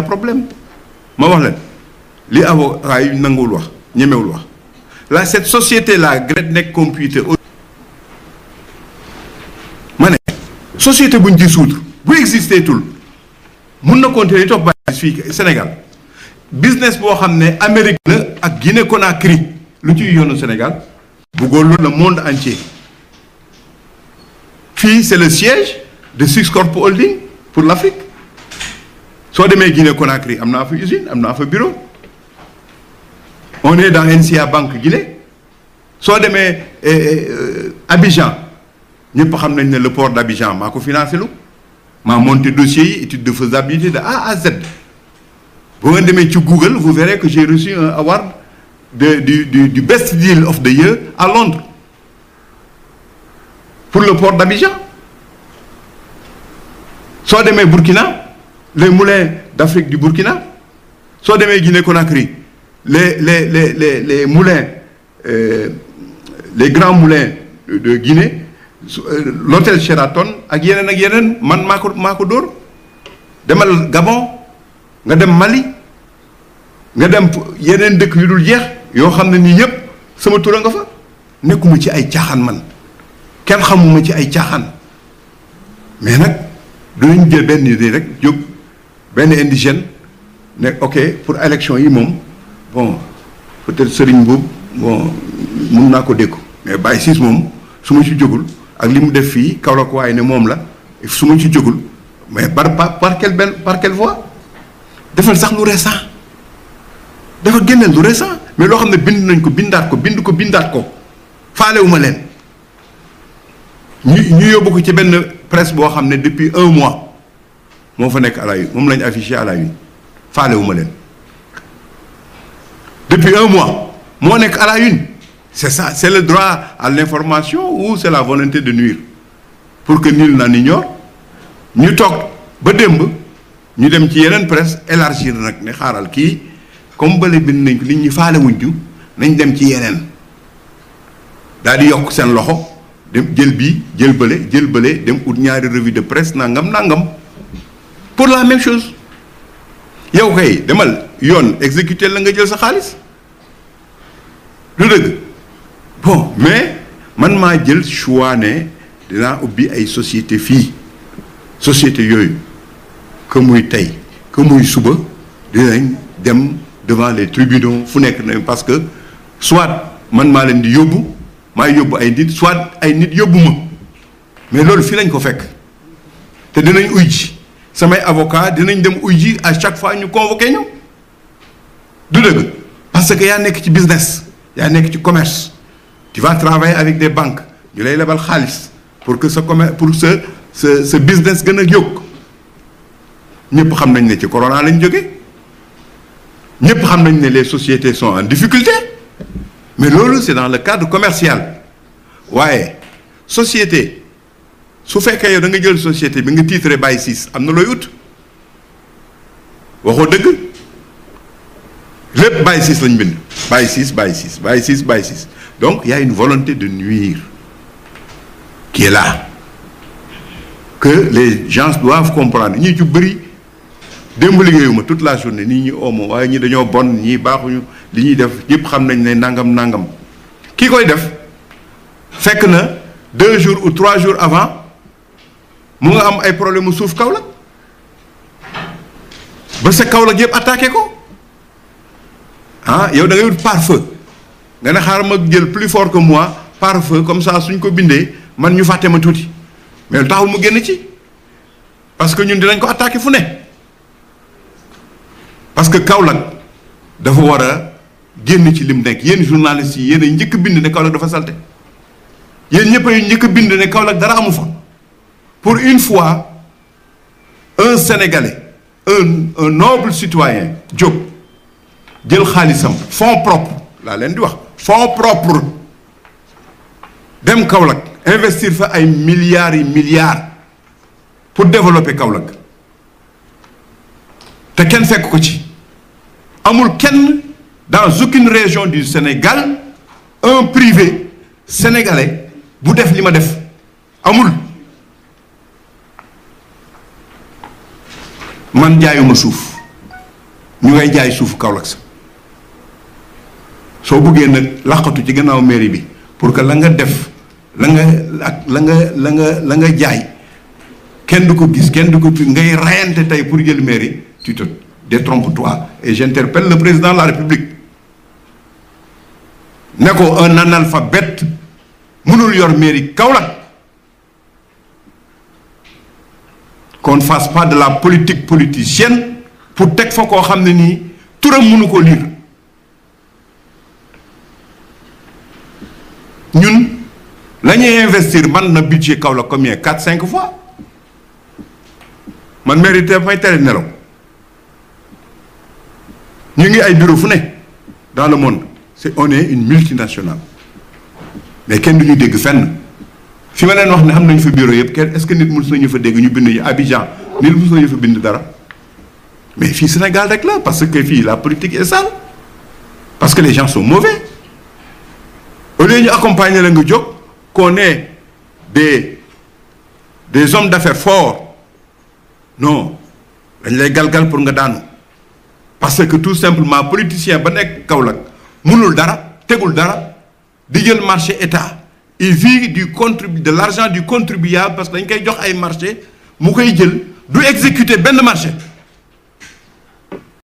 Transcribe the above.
t'as problème ma wax leen li avocat yi nanguwul wax ñemewul wax la cette société là Gretneck Computer ma ne société bu ñu dissoudre bu existé tul mun na continuer topp bàyyi fii Sénégal business boo xam ne Amérique la ak Guinée Conakry lu ci yoonu Sénégal bëggoon loolu le monde entier fii c'est le siège de Six Corp Holding pour l'Afrique soo demee Guinée Conakry am naa fa usine am naa fa bureau on est dans NCA Banque Guinée soo demee eh, eh, Abidjan ñëpp xam nañ ne le port d' Abidjan maa ko financé maa monté dossier yi étude de faisabilité de A à Z boo nga demee ci Google vous verrez que j'ai reçu un award de du du du best deal of the year à Londres pour le port d' soo demee Burkina. les moulins d'Afrique du Burkina soo demee Guinée Conakry les les les les les moulins euh, les grands moulins de, de Guinée euh, l'hôtel Sheraton ak yeneen ak yeneen man maa ko maa ko dóor demal Gabon nga dem Mali nga dem yeneen dëkk yu dul jeex yoo xam ne nii yëpp sama tur nga fa nekkuma ci ay caaxaan man kenn xamuma ci ay caaxaan mais nag dinañ jël benn idée rek jóg. benn indigène ne ok pour élection yi moom bon peut-être Serigne boobu bon mun naa ko dégg mais Baye Ciss moom su ma ci jógul ak li mu def fii Kaolack waaye ne moom la su ma ci jógul mais par par par quelle benn par quelle voie defal sax lu récent dafa génneel lu récent mais loo xam ne bind nañ ko bindaat ko bind ko bindaat ko faalewuma leen ñu ñu yóbbu ko ci benn presse boo xam ne depuis un mois. moo fa nekk à la moom lañu affiché à la ma leen depuis un mois moo nekk à la une c'est ça c'est le droit à l'information ou c'est la volonté de nuire pour que nul n'en ñor ñu toog ba démb ñu dem ci yeneen presse élargir nag ne xaaral kii comme bële bind nañ ko nit ñi faale ju nañ dem ci yeneen daal di yokk seen loxo dem jël bi jël bële jël bële dem ut ñaari revue de presse nangam nangam. pour la même chose yow kay demal yoon exécuter la nga jël sa xaalis lu dëgg bon mais man maa jël choix ne dinaa ubbi ay société fii société yooyu que muy tey que muy suba dinañ dem devant les tribunaux fu nekk na parce que soit man maa leen di yóbbu maay yóbbu ay nit soit ay nit yóbbu ma mais loolu fii lañ ko fekk te dinañ uj ji samay avocat dinañ dem uy ji à chaque fois ñu convoqué ñu du dëgg parce que yaa nekk ci business yaa nekk ci commerce tu vas travailler avec des banque ñu lay lebal xaalis pour que sa commerce pour sa sa sa business gën a yokk ñëpp xam nañ ne ci corona lañ jóge ñëpp xam nañ ne les sociétés sont en difficulté mais loolu c'est dans le cadre commercial waaye ouais, société su fekkee yow da nga jël société bi nga tiitre bàyyi siis am na looy ut waxoo dëgg lépp bàyyi siis lañ bind bàyyi siis bàyyi siis bàyyi siis bàyyi siis donc y a une volonté de nuire qui est là que les gens doivent comprendre ñi ci bëri démb liggéeyuma toute la journée nii ñi omo waaye ñi dañoo bon ñii baaxuñu li ñuy def ñëpp xam nañ ne nangam nangam kii koy def fekk na deux jours ou trois jours avant mu nga am ay problème mu suuf Kaolack ba sa Kaolack yëpp attaqué ko ah yow da ngay wut pare-feu nga ne xaaral ma jël plus fort que mois pare-feu comme ça suñ ko bindee man ñu fàtte ma tuuti mais taxul mu génn ci parce que ñun dinañ ko attaqué fu ne parce que Kaolack dafa war a génn ci lim nekk yéen journalistes yi yéen a njëkk bind ne Kaolack dafa salte yéen ñëpp a njëkk bind ne Kaolack dara amu fa. pour une fois un Sénégalais un un noble citoyen jóg jël xaalisam fonds propre laa leen di wax fonds propre dem Kaolack investir fa ay milliards yi milliards pour développer Kaolack te kenn fekk ko ci amul kenn dans aucune région du Sénégal un privé sénégalais bu def li ma def amul man jaayuma suuf ñu ngay jaay suuf Kaolack sa soo buggee nag laqatu ci gannaaw mairie bi pour que la nga def la nga ak la nga la nga la nga jaay kenn du ko gis kenn du ko ngay rayante tey pour jël mairie tu te détrompe-toi et j'interpelle le président la République ne ko un analphabète mënul yor mairie Kaolack kon ne fasse de la politique politicienne pour teg fa koo xam ne nii turam mënu ko lire ñun la ñuy investir man na budget kaw la combien quatre cinq fois man mérité may tere nelaw ñu ngi ay bureau fu ne dans le monde c'est on est une multinationale mais kenn du ñu dégg fenn fi ma wax ne am nañu fi bureau yëpp kenn est-ce que nit mës nañu fa dégg ñu bind ñu Abidjan nit mës nañu fa bind dara mais fii Sénégal rek la parce que fii la politique est parce que les gens sont mauvais au lieu ñu accompagner la nga jóg qu'on ait des des hommes d'affaires forts non dañ lay galgal pour nga daanu parce que tout simplement politicien ba nekk Kaolack mënul dara tegul dara di jël marché état il vie du contribu de l'argent du contribuable parce que dañ koy jox ay marché mu koy jël du exécuter benn marché